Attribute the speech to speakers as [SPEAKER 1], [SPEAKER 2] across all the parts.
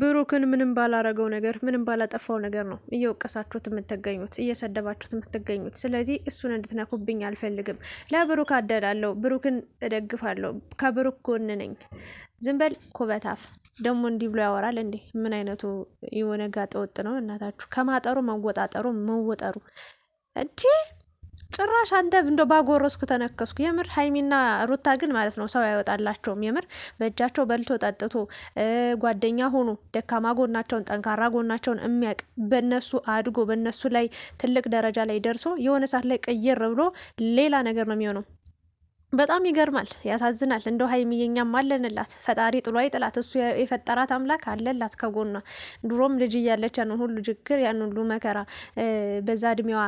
[SPEAKER 1] ብሩክን ምንም ባላረገው ነገር ምንም ባላጠፋው ነገር ነው እየወቀሳችሁት የምትገኙት እየሰደባችሁት የምትገኙት። ስለዚህ እሱን እንድትነኩብኝ አልፈልግም። ለብሩክ አደላለሁ፣ ብሩክን እደግፋለሁ፣ ከብሩክ ጎን ነኝ። ዝም በል ኩበታፍ። ደግሞ እንዲህ ብሎ ያወራል እንዴ! ምን አይነቱ የሆነ ጋጠወጥ ነው? እናታችሁ ከማጠሩ መወጣጠሩ መወጠሩ እንዲህ ጭራሽ አንተ እንደ ባጎረስኩ ተነከስኩ። የምር ሀይሚና ሩታ ግን ማለት ነው ሰው አይወጣላቸውም። የምር በእጃቸው በልቶ ጠጥቶ ጓደኛ ሆኖ ደካማ ጎናቸውን ጠንካራ ጎናቸውን የሚያቅ በነሱ አድጎ በነሱ ላይ ትልቅ ደረጃ ላይ ደርሶ የሆነ ሰዓት ላይ ቅይር ብሎ ሌላ ነገር ነው የሚሆነው። በጣም ይገርማል፣ ያሳዝናል። እንደው ሀይሚዬ እኛም አለንላት፣ ፈጣሪ ጥሎ አይጥላት። እሱ የፈጠራት አምላክ አለላት ከጎኗ። ድሮም ልጅ እያለች ያንን ሁሉ ችግር ያን ሁሉ መከራ በዛ እድሜዋ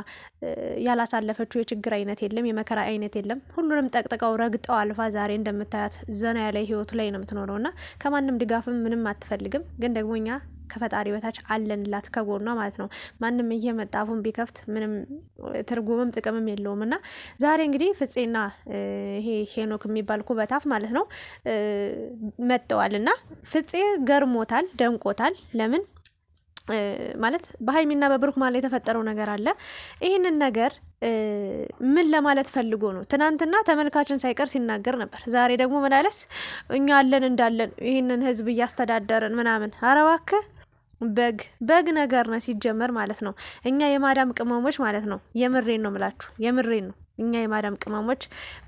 [SPEAKER 1] ያላሳለፈችው የችግር አይነት የለም፣ የመከራ አይነት የለም። ሁሉንም ጠቅጥቀው ረግጠው አልፋ ዛሬ እንደምታያት ዘና ያለ ህይወቱ ላይ ነው የምትኖረው እና ከማንም ድጋፍም ምንም አትፈልግም። ግን ደግሞ እኛ ከፈጣሪ በታች አለንላት ከጎኗ ማለት ነው። ማንም እየመጣ አፉን ቢከፍት ምንም ትርጉምም ጥቅምም የለውም። እና ዛሬ እንግዲህ ፍፄና ይሄ ሄኖክ የሚባል ኩበታፍ ማለት ነው መጥተዋል። እና ፍፄ ገርሞታል፣ ደንቆታል። ለምን ማለት በሀይሚና በብሩክ ማለት የተፈጠረው ነገር አለ ይህንን ነገር ምን ለማለት ፈልጎ ነው? ትናንትና ተመልካችን ሳይቀር ሲናገር ነበር። ዛሬ ደግሞ ምን አለስ እኛ አለን እንዳለን ይህንን ህዝብ እያስተዳደርን ምናምን። አረባክ እባክህ በግ በግ ነገር ነው ሲጀመር ማለት ነው። እኛ የማዳም ቅመሞች ማለት ነው። የምሬን ነው ምላችሁ፣ የምሬን ነው። እኛ የማዳም ቅመሞች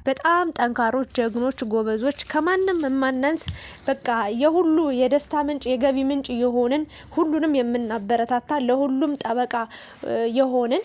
[SPEAKER 1] በጣም ጠንካሮች፣ ጀግኖች፣ ጎበዞች ከማንም የማናንስ በቃ የሁሉ የደስታ ምንጭ የገቢ ምንጭ የሆንን ሁሉንም የምናበረታታ ለሁሉም ጠበቃ የሆንን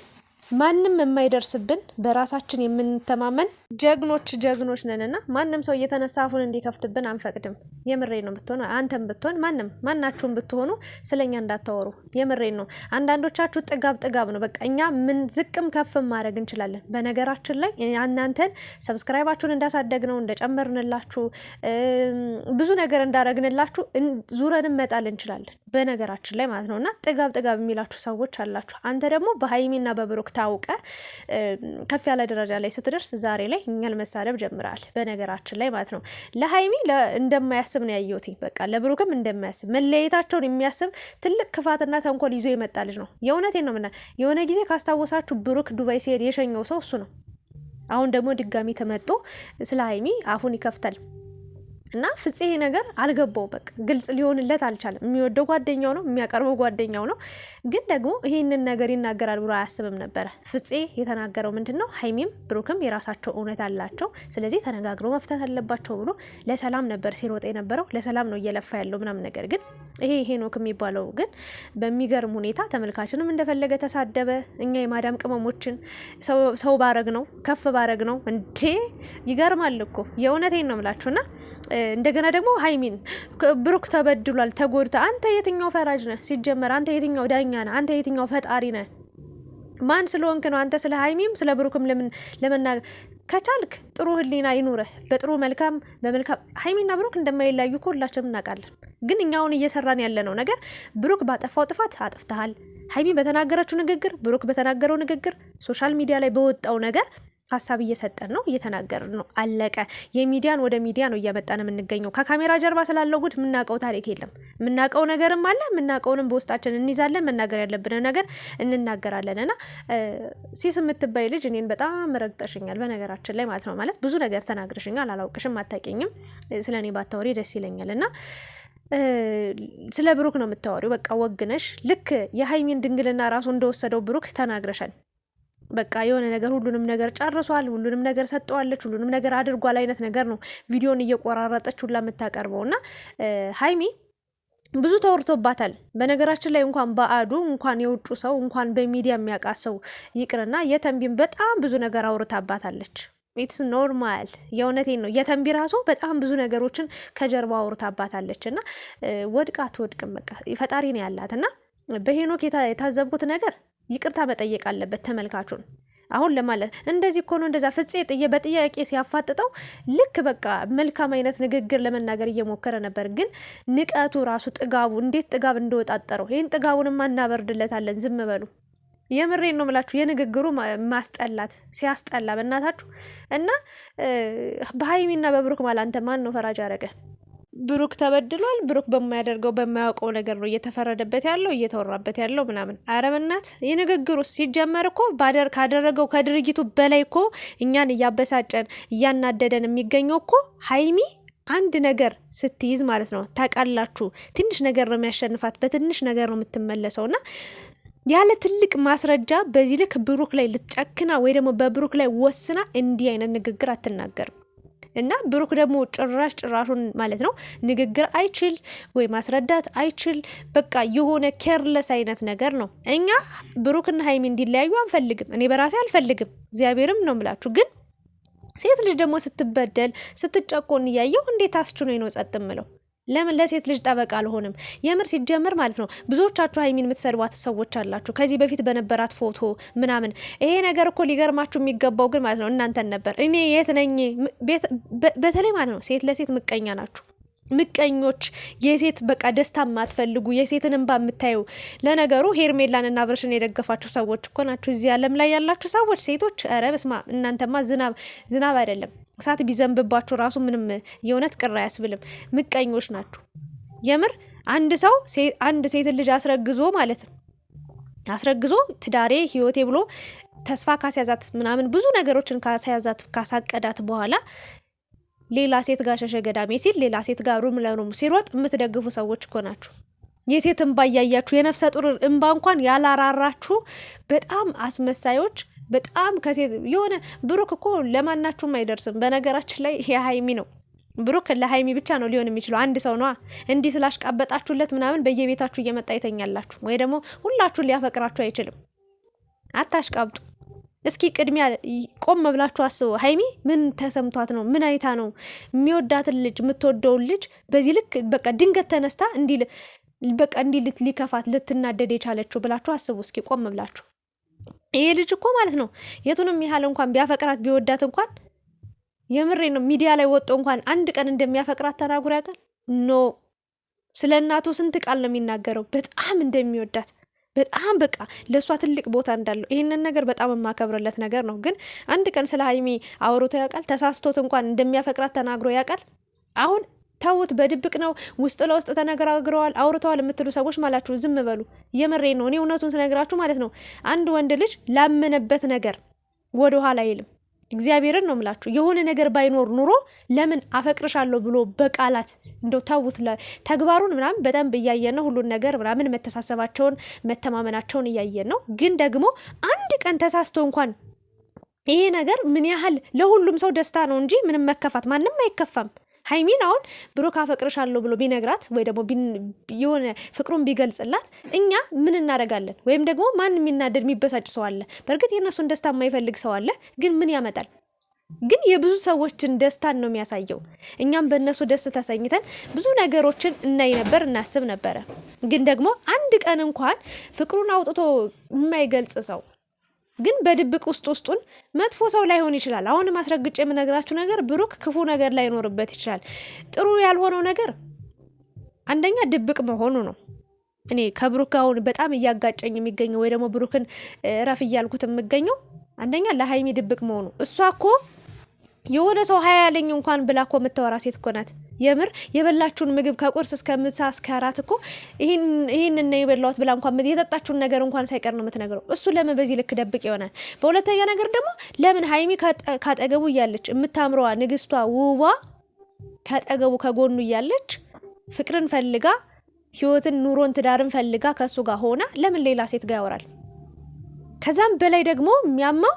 [SPEAKER 1] ማንም የማይደርስብን በራሳችን የምንተማመን ጀግኖች ጀግኖች ነንና ማንም ሰው እየተነሳ አፉን እንዲከፍትብን አንፈቅድም። የምሬ ነው ብትሆን አንተም ብትሆን ማንም ማናችሁም ብትሆኑ ስለኛ እንዳታወሩ። የምሬ ነው። አንዳንዶቻችሁ ጥጋብ ጥጋብ ነው። በቃ እኛ ምን ዝቅም ከፍም ማድረግ እንችላለን። በነገራችን ላይ እናንተን ሰብስክራይባችሁን እንዳሳደግነው እንደጨመርንላችሁ ብዙ ነገር እንዳረግንላችሁ ዙረንም መጣል እንችላለን። በነገራችን ላይ ማለት ነው እና ጥጋብ ጥጋብ የሚላችሁ ሰዎች አላችሁ። አንተ ደግሞ በሀይሚና በብሩክ አስታውቀ ከፍ ያለ ደረጃ ላይ ስትደርስ ዛሬ ላይ እኛን መሳደብ ጀምራል። በነገራችን ላይ ማለት ነው ለሀይሚ እንደማያስብ ነው ያየሁት። በቃ ለብሩክም እንደማያስብ መለያየታቸውን የሚያስብ ትልቅ ክፋትና ተንኮል ይዞ የመጣ ልጅ ነው። የእውነቴን ነው ምና የሆነ ጊዜ ካስታወሳችሁ ብሩክ ዱባይ ሲሄድ የሸኘው ሰው እሱ ነው። አሁን ደግሞ ድጋሚ ተመጦ ስለ ሀይሚ አፉን ይከፍታል። እና ፍፄ ይሄ ነገር አልገባው በቃ ግልጽ ሊሆንለት አልቻለም። የሚወደው ጓደኛው ነው፣ የሚያቀርበው ጓደኛው ነው። ግን ደግሞ ይሄንን ነገር ይናገራል ብሎ አያስብም ነበረ። ፍፄ የተናገረው ምንድን ነው? ሀይሚም ብሩክም የራሳቸው እውነት አላቸው፣ ስለዚህ ተነጋግሮ መፍታት አለባቸው ብሎ ለሰላም ነበር ሲሮጥ የነበረው። ለሰላም ነው እየለፋ ያለው ምናምን። ነገር ግን ይሄ ሄኖክ የሚባለው ግን በሚገርም ሁኔታ ተመልካችንም እንደፈለገ ተሳደበ። እኛ የማዳም ቅመሞችን ሰው ባረግ ነው ከፍ ባረግ ነው እንዴ! ይገርማል እኮ የእውነቴን ነው ምላችሁና እንደገና ደግሞ ሀይሚን ብሩክ ተበድሏል፣ ተጎድተ አንተ የትኛው ፈራጅ ነህ? ሲጀመር አንተ የትኛው ዳኛ ነህ? አንተ የትኛው ፈጣሪ ነህ? ማን ስለሆንክ ነው አንተ ስለ ሀይሚም ስለ ብሩክም ለመናገር ከቻልክ ጥሩ ህሊና ይኑርህ። በጥሩ መልካም በመልካም ሀይሚና ብሩክ እንደማይለያዩ እኮ ሁላችንም እናውቃለን። ግን እኛውን እየሰራን ያለነው ነገር ብሩክ ባጠፋው ጥፋት አጥፍተሃል፣ ሀይሚ በተናገረችው ንግግር፣ ብሩክ በተናገረው ንግግር፣ ሶሻል ሚዲያ ላይ በወጣው ነገር ሀሳብ እየሰጠን ነው፣ እየተናገርን ነው። አለቀ። የሚዲያን ወደ ሚዲያ ነው እያመጣን የምንገኘው። ከካሜራ ጀርባ ስላለው ጉድ የምናውቀው ታሪክ የለም። የምናውቀው ነገርም አለ፣ የምናውቀውንም በውስጣችን እንይዛለን። መናገር ያለብንን ነገር እንናገራለን። እና ሲስ የምትባይ ልጅ እኔን በጣም ረግጠሽኛል፣ በነገራችን ላይ ማለት ነው። ማለት ብዙ ነገር ተናግረሽኛል፣ አላውቅሽም፣ አታውቂኝም። ስለ እኔ ባታወሪ ደስ ይለኛል እና ስለ ብሩክ ነው የምታወሪው። በቃ ወግነሽ ልክ የሀይሚን ድንግልና ራሱ እንደወሰደው ብሩክ ተናግረሻል። በቃ የሆነ ነገር ሁሉንም ነገር ጨርሷል፣ ሁሉንም ነገር ሰጠዋለች፣ ሁሉንም ነገር አድርጓል አይነት ነገር ነው ቪዲዮን እየቆራረጠች ሁላ የምታቀርበው እና ሀይሚ ብዙ ተወርቶባታል። በነገራችን ላይ እንኳን በአዱ እንኳን የውጩ ሰው እንኳን በሚዲያ የሚያውቃ ሰው ይቅርና የተንቢን በጣም ብዙ ነገር አውርታባታለች። ኢትስ ኖርማል የእውነቴን ነው። የተንቢ ራሱ በጣም ብዙ ነገሮችን ከጀርባ አውርታባታለች እና ወድቃ አትወድቅም። በቃ ፈጣሪ ነው ያላት እና በሄኖክ የታዘብኩት ነገር ይቅርታ መጠየቅ አለበት ተመልካቹን። አሁን ለማለት እንደዚህ እኮ ነው እንደዛ ፍፄ ጥየ በጥያቄ ሲያፋጥጠው ልክ በቃ መልካም አይነት ንግግር ለመናገር እየሞከረ ነበር፣ ግን ንቀቱ ራሱ ጥጋቡ እንዴት ጥጋብ እንደወጣጠረው ይህን ጥጋቡንማ እናበርድለታለን። ዝም በሉ። የምሬን ነው ምላችሁ የንግግሩ ማስጠላት ሲያስጠላ በእናታችሁ እና በሀይሚና በብሩክ ማል አንተ ማን ነው ፈራጅ ያደረገ? ብሩክ ተበድሏል። ብሩክ በማያደርገው በማያውቀው ነገር ነው እየተፈረደበት ያለው እየተወራበት ያለው ምናምን። አረ በእናት የንግግሩ ሲጀመር እኮ ካደረገው ከድርጊቱ በላይ እኮ እኛን እያበሳጨን እያናደደን የሚገኘው እኮ ሀይሚ አንድ ነገር ስትይዝ ማለት ነው። ታውቃላችሁ፣ ትንሽ ነገር ነው የሚያሸንፋት፣ በትንሽ ነገር ነው የምትመለሰው እና ያለ ትልቅ ማስረጃ በዚህ ልክ ብሩክ ላይ ልትጨክና ወይ ደግሞ በብሩክ ላይ ወስና እንዲህ አይነት ንግግር አትናገርም። እና ብሩክ ደግሞ ጭራሽ ጭራሹን ማለት ነው ንግግር አይችል ወይ ማስረዳት አይችል። በቃ የሆነ ኬርለስ አይነት ነገር ነው። እኛ ብሩክና ሀይሚ እንዲለያዩ አንፈልግም። እኔ በራሴ አልፈልግም። እግዚአብሔርም ነው ምላችሁ ግን ሴት ልጅ ደግሞ ስትበደል ስትጨቆን እያየው እንዴት አስችኖ ነው ጸጥ ምለው? ለምን ለሴት ልጅ ጠበቃ አልሆንም? የምር ሲጀምር ማለት ነው ብዙዎቻችሁ ሀይሚን የምትሰድቧት ሰዎች አላችሁ፣ ከዚህ በፊት በነበራት ፎቶ ምናምን። ይሄ ነገር እኮ ሊገርማችሁ የሚገባው ግን ማለት ነው እናንተን ነበር። እኔ የት ነኝ? በተለይ ማለት ነው ሴት ለሴት ምቀኛ ናችሁ። ምቀኞች የሴት በቃ ደስታ የማትፈልጉ የሴትን እንባ የምታዩ። ለነገሩ ሄርሜላንና ብርሽን የደገፋችሁ ሰዎች እኮ ናችሁ እዚህ ዓለም ላይ ያላችሁ ሰዎች ሴቶች። ኧረ በስመ አብ እናንተማ ዝናብ ዝናብ አይደለም እሳት ቢዘንብባችሁ ራሱ ምንም የእውነት ቅር አያስብልም። ምቀኞች ናችሁ የምር። አንድ ሰው አንድ ሴትን ልጅ አስረግዞ ማለት ነው አስረግዞ ትዳሬ ህይወቴ ብሎ ተስፋ ካስያዛት ምናምን ብዙ ነገሮችን ካስያዛት ካሳቀዳት በኋላ ሌላ ሴት ጋር ሸሸ ገዳሜ ሲል ሌላ ሴት ጋር ሩም ለሩም ሲሮጥ የምትደግፉ ሰዎች እኮ ናችሁ። የሴት እንባ እያያችሁ የነፍሰ ጡር እንባ እንኳን ያላራራችሁ በጣም አስመሳዮች በጣም ከሴት የሆነ ብሩክ እኮ ለማናችሁም አይደርስም። በነገራችን ላይ የሀይሚ ነው ብሩክ ለሀይሚ ብቻ ነው ሊሆን የሚችለው። አንድ ሰው ነዋ። እንዲህ ስላሽቃበጣችሁለት ምናምን በየቤታችሁ እየመጣ ይተኛላችሁ ወይ ደግሞ ሁላችሁን ሊያፈቅራችሁ አይችልም። አታሽቃብጡ። እስኪ ቅድሚያ ቆም ብላችሁ አስቡ። ሀይሚ ምን ተሰምቷት ነው? ምን አይታ ነው? የሚወዳትን ልጅ የምትወደውን ልጅ በዚህ ልክ በቃ ድንገት ተነስታ እንዲ በቃ እንዲ ሊከፋት ልትናደድ የቻለችው ብላችሁ አስቡ እስኪ ቆም ብላችሁ። ይሄ ልጅ እኮ ማለት ነው የቱንም ያህል እንኳን ቢያፈቅራት ቢወዳት እንኳን የምሬ ነው ሚዲያ ላይ ወጥቶ እንኳን አንድ ቀን እንደሚያፈቅራት ተናግሮ ያውቃል? ኖ ስለ እናቱ ስንት ቃል ነው የሚናገረው፣ በጣም እንደሚወዳት በጣም በቃ ለእሷ ትልቅ ቦታ እንዳለው ይህንን ነገር በጣም የማከብርለት ነገር ነው። ግን አንድ ቀን ስለ ሀይሚ አውርቶ ያውቃል? ተሳስቶት እንኳን እንደሚያፈቅራት ተናግሮ ያውቃል? አሁን ተውት። በድብቅ ነው ውስጥ ለውስጥ ተነጋግረዋል፣ አውርተዋል የምትሉ ሰዎች ማላችሁ ዝም በሉ። የምሬ ነው። እኔ እውነቱን ስነግራችሁ ማለት ነው። አንድ ወንድ ልጅ ላመነበት ነገር ወደ ኋላ አይልም። እግዚአብሔርን ነው ምላችሁ። የሆነ ነገር ባይኖር ኑሮ ለምን አፈቅርሻለሁ ብሎ በቃላት እንደው ተውት። ተግባሩን ምናምን በደንብ እያየን ነው፣ ሁሉን ነገር ምናምን መተሳሰባቸውን መተማመናቸውን እያየን ነው። ግን ደግሞ አንድ ቀን ተሳስቶ እንኳን ይሄ ነገር ምን ያህል ለሁሉም ሰው ደስታ ነው እንጂ ምንም መከፋት ማንም አይከፋም። ሀይሚን አሁን ብሩክ አፈቅርሻለሁ ብሎ ቢነግራት ወይ ደግሞ የሆነ ፍቅሩን ቢገልጽላት እኛ ምን እናደርጋለን? ወይም ደግሞ ማን የሚናደድ የሚበሳጭ ሰው አለ? በእርግጥ የእነሱን ደስታ የማይፈልግ ሰው አለ። ግን ምን ያመጣል? ግን የብዙ ሰዎችን ደስታን ነው የሚያሳየው። እኛም በእነሱ ደስ ተሰኝተን ብዙ ነገሮችን እናይ ነበር፣ እናስብ ነበረ። ግን ደግሞ አንድ ቀን እንኳን ፍቅሩን አውጥቶ የማይገልጽ ሰው ግን በድብቅ ውስጥ ውስጡን መጥፎ ሰው ላይሆን ይችላል። አሁንም አስረግጬ የምነግራችሁ ነገር ብሩክ ክፉ ነገር ላይኖርበት ይችላል። ጥሩ ያልሆነው ነገር አንደኛ ድብቅ መሆኑ ነው። እኔ ከብሩክ አሁን በጣም እያጋጨኝ የሚገኘው ወይ ደግሞ ብሩክን እረፍ እያልኩት የምገኘው አንደኛ ለሀይሚ ድብቅ መሆኑ። እሷ እኮ የሆነ ሰው ሀያ ያለኝ እንኳን ብላ እኮ የምታወራ ሴት እኮ ናት። የምር የበላችሁን ምግብ ከቁርስ እስከ ምሳ እስከ አራት እኮ ይህንን ነው የበላሁት ብላ እንኳን የጠጣችሁን ነገር እንኳን ሳይቀር ነው የምትነግረው። እሱ ለምን በዚህ ልክ ደብቅ ይሆናል? በሁለተኛ ነገር ደግሞ ለምን ሀይሚ ካጠገቡ እያለች የምታምረዋ ንግስቷ ውቧ ካጠገቡ ከጎኑ እያለች ፍቅርን ፈልጋ ህይወትን፣ ኑሮን፣ ትዳርን ፈልጋ ከእሱ ጋር ሆና ለምን ሌላ ሴት ጋር ያወራል? ከዛም በላይ ደግሞ የሚያማው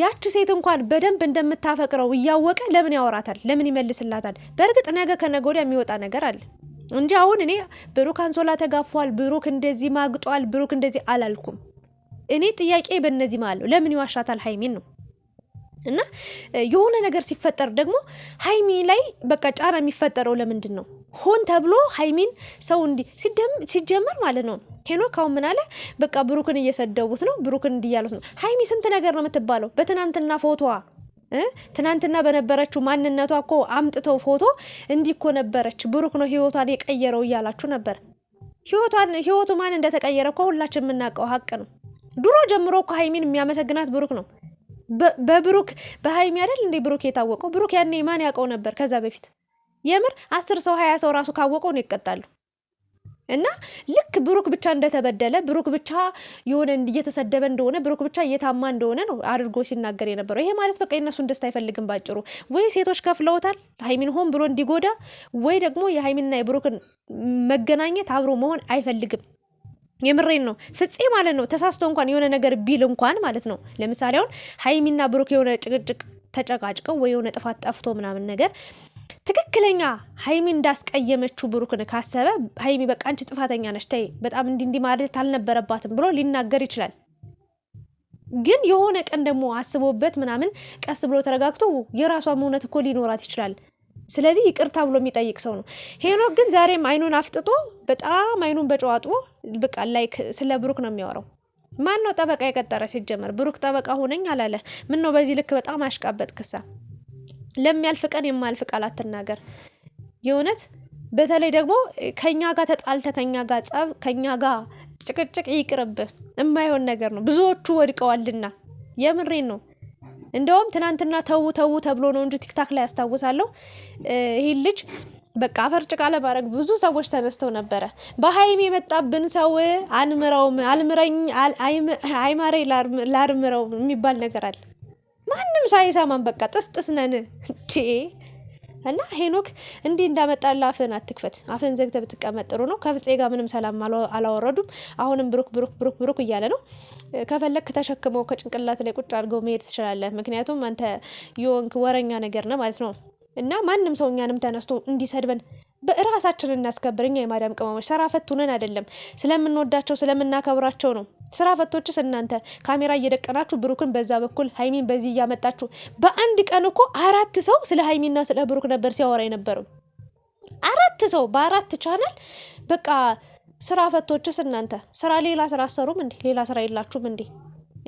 [SPEAKER 1] ያቺ ሴት እንኳን በደንብ እንደምታፈቅረው እያወቀ ለምን ያወራታል? ለምን ይመልስላታል? በእርግጥ ነገ ከነገ ወዲያ የሚወጣ ነገር አለ እንጂ አሁን እኔ ብሩክ አንሶላ ተጋፏል፣ ብሩክ እንደዚህ ማግጧል፣ ብሩክ እንደዚህ አላልኩም። እኔ ጥያቄ በእነዚህ ማለት ነው ለምን ይዋሻታል ሀይሚን ነው እና የሆነ ነገር ሲፈጠር ደግሞ ሀይሚ ላይ በቃ ጫና የሚፈጠረው ለምንድን ነው? ሆን ተብሎ ሀይሚን ሰው እንዲ ሲጀመር ማለት ነው። ሄኖ ካሁን ምን አለ? በቃ ብሩክን እየሰደቡት ነው፣ ብሩክን እንዲያሉት ነው። ሀይሚ ስንት ነገር ነው የምትባለው በትናንትና ፎቶዋ ትናንትና በነበረችው ማንነቷ እኮ አምጥተው ፎቶ እንዲህ እኮ ነበረች፣ ብሩክ ነው ህይወቷን የቀየረው እያላችሁ ነበር። ህይወቷን ህይወቱ ማን እንደተቀየረ እኮ ሁላችን የምናውቀው ሀቅ ነው። ድሮ ጀምሮ እኮ ሀይሚን የሚያመሰግናት ብሩክ ነው። በብሩክ በሀይሚ አይደል እንዴ ብሩክ የታወቀው? ብሩክ ያኔ ማን ያውቀው ነበር ከዛ በፊት የምር አስር ሰው ሀያ ሰው ራሱ ካወቀው ነው ይቀጣሉ። እና ልክ ብሩክ ብቻ እንደተበደለ ብሩክ ብቻ የሆነ እየተሰደበ እንደሆነ ብሩክ ብቻ እየታማ እንደሆነ ነው አድርጎ ሲናገር የነበረው። ይሄ ማለት በቃ የእነሱን ደስታ አይፈልግም። ባጭሩ ወይ ሴቶች ከፍለውታል ሀይሚን ሆን ብሎ እንዲጎዳ፣ ወይ ደግሞ የሀይሚንና የብሩክን መገናኘት አብሮ መሆን አይፈልግም። የምሬን ነው ፍጼ ማለት ነው። ተሳስቶ እንኳን የሆነ ነገር ቢል እንኳን ማለት ነው። ለምሳሌ አሁን ሀይሚና ብሩክ የሆነ ጭቅጭቅ ተጨቃጭቀው ወይ የሆነ ጥፋት ጠፍቶ ምናምን ነገር ትክክለኛ ሀይሚ እንዳስቀየመችው ብሩክን ካሰበ ሀይሚ በቃ አንቺ ጥፋተኛ ነች፣ ተይ በጣም እንዲህ እንዲህ ማለት አልነበረባትም ብሎ ሊናገር ይችላል። ግን የሆነ ቀን ደግሞ አስቦበት ምናምን ቀስ ብሎ ተረጋግቶ የራሷም እውነት እኮ ሊኖራት ይችላል። ስለዚህ ይቅርታ ብሎ የሚጠይቅ ሰው ነው። ሄኖክ ግን ዛሬም አይኑን አፍጥጦ በጣም አይኑን በጨዋጥቦ በቃ ላይክ ስለ ብሩክ ነው የሚያወራው። ማን ነው ጠበቃ የቀጠረ? ሲጀመር ብሩክ ጠበቃ ሆነኝ አላለ። ምን ነው በዚህ ልክ በጣም አሽቃበጥ ክሳ ለሚያልፍ ቀን የማልፍ ቃል አትናገር። የእውነት በተለይ ደግሞ ከኛ ጋር ተጣልተ ከኛ ጋር ጸብ፣ ከኛ ጋር ጭቅጭቅ ይቅርብ የማይሆን ነገር ነው። ብዙዎቹ ወድቀዋልና የምሬን ነው። እንደውም ትናንትና ተዉ ተዉ ተብሎ ነው እንጂ ቲክታክ ላይ ያስታውሳለሁ ይህ ልጅ በቃ አፈር ጭቃ ለማድረግ ብዙ ሰዎች ተነስተው ነበረ። በሀይም የመጣብን ሰው አንምረውም፣ አልምረኝ አይማሬ ላርምረው የሚባል ነገር አለ። ማንም ሳይሰማን በቃ ጥስጥስ ነን እንዴ። እና ሄኖክ እንዲህ እንዳመጣልህ አፍህን አትክፈት። አፍህን ዘግተህ ብትቀመጥ ጥሩ ነው። ከፍፄ ጋር ምንም ሰላም አላወረዱም። አሁንም ብሩክ ብሩክ ብሩክ ብሩክ እያለ ነው። ከፈለግክ ተሸክመው ከጭንቅላት ላይ ቁጭ አድርገው መሄድ ትችላለህ። ምክንያቱም አንተ የወንክ ወረኛ ነገር ነህ ማለት ነው። እና ማንም ሰው እኛንም ተነስቶ እንዲሰድበን በራሳችን እናስከብር። እኛ የማዳም ቅመሞች ሰራፈት ሁነን አይደለም፣ ስለምንወዳቸው ስለምናከብራቸው ነው። ስራ ፈቶችስ እናንተ ካሜራ እየደቀናችሁ ብሩክን በዛ በኩል ሀይሚን በዚህ እያመጣችሁ፣ በአንድ ቀን እኮ አራት ሰው ስለ ሀይሚና ስለ ብሩክ ነበር ሲያወራ የነበረው። አራት ሰው በአራት ቻናል በቃ ስራ ፈቶችስ እናንተ ስራ ሌላ ስራ አሰሩም እንዴ? ሌላ ስራ የላችሁም እንዴ?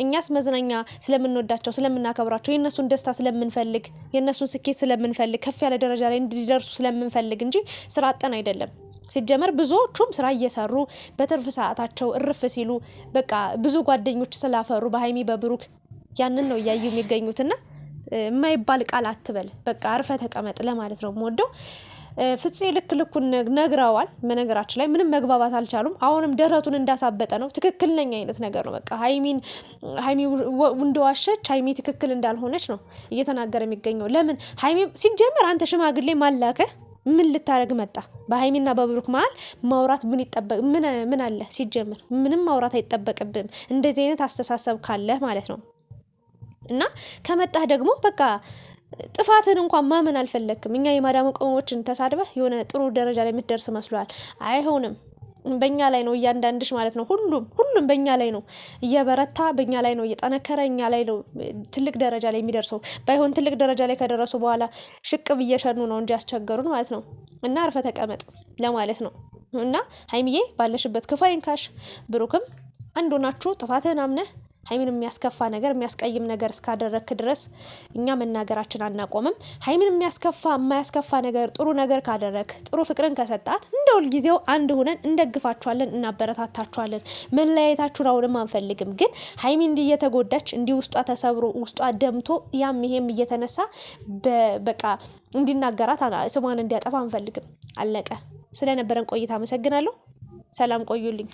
[SPEAKER 1] እኛስ መዝናኛ ስለምንወዳቸው ስለምናከብራቸው የእነሱን ደስታ ስለምንፈልግ የእነሱን ስኬት ስለምንፈልግ ከፍ ያለ ደረጃ ላይ እንዲደርሱ ስለምንፈልግ እንጂ ስራ አጠን አይደለም። ሲጀመር ብዙዎቹም ስራ እየሰሩ በትርፍ ሰዓታቸው እርፍ ሲሉ በቃ ብዙ ጓደኞች ስላፈሩ በሀይሚ በብሩክ ያንን ነው እያዩ የሚገኙትና የማይባል ቃል አትበል። በቃ አርፈ ተቀመጥ ለማለት ነው የምወደው። ፍፄ ልክ ልኩን ነግረዋል። በነገራችን ላይ ምንም መግባባት አልቻሉም። አሁንም ደረቱን እንዳሳበጠ ነው። ትክክል ነኝ አይነት ነገር ነው። በቃ ሀይሚን ሀይሚ እንደዋሸች ሀይሚ ትክክል እንዳልሆነች ነው እየተናገረ የሚገኘው። ለምን ሀይሚ ሲጀመር አንተ ሽማግሌ ማላከ ምን ልታደረግ መጣ? በሀይሚና በብሩክ መሀል ማውራት ምን ይጠበቅ? ምን አለ ሲጀምር? ምንም ማውራት አይጠበቅብም። እንደዚህ አይነት አስተሳሰብ ካለህ ማለት ነው። እና ከመጣህ ደግሞ በቃ ጥፋትን እንኳን ማመን አልፈለግክም። እኛ የማዳሙ ቅመሞችን ተሳድበህ የሆነ ጥሩ ደረጃ ላይ የምትደርስ መስሏል። አይሆንም። በእኛ ላይ ነው እያንዳንድሽ ማለት ነው። ሁሉም ሁሉም በእኛ ላይ ነው እየበረታ፣ በእኛ ላይ ነው እየጠነከረ፣ እኛ ላይ ነው ትልቅ ደረጃ ላይ የሚደርሰው። ባይሆን ትልቅ ደረጃ ላይ ከደረሱ በኋላ ሽቅብ እየሸኑ ነው እንጂ ያስቸገሩን ማለት ነው። እና አርፈ ተቀመጥ ለማለት ነው። እና ሀይሚዬ ባለሽበት ክፉ አይንካሽ፣ ብሩክም አንዱናችሁ ሆናችሁ ጥፋትህን አምነህ ሀይሚን የሚያስከፋ ነገር የሚያስቀይም ነገር እስካደረክ ድረስ እኛ መናገራችን አናቆምም። ሀይሚን የሚያስከፋ የማያስከፋ ነገር ጥሩ ነገር ካደረክ ጥሩ ፍቅርን ከሰጣት እንደ ሁልጊዜው አንድ ሁነን እንደግፋችኋለን፣ እናበረታታችኋለን። መለያየታችሁን አሁንም አንፈልግም። ግን ሀይሚ እንዲህ እየተጎዳች እንዲህ ውስጧ ተሰብሮ ውስጧ ደምቶ ያም ይሄም እየተነሳ በቃ እንዲናገራት ስሟን እንዲያጠፋ አንፈልግም። አለቀ። ስለነበረን ቆይታ አመሰግናለሁ። ሰላም ቆዩልኝ።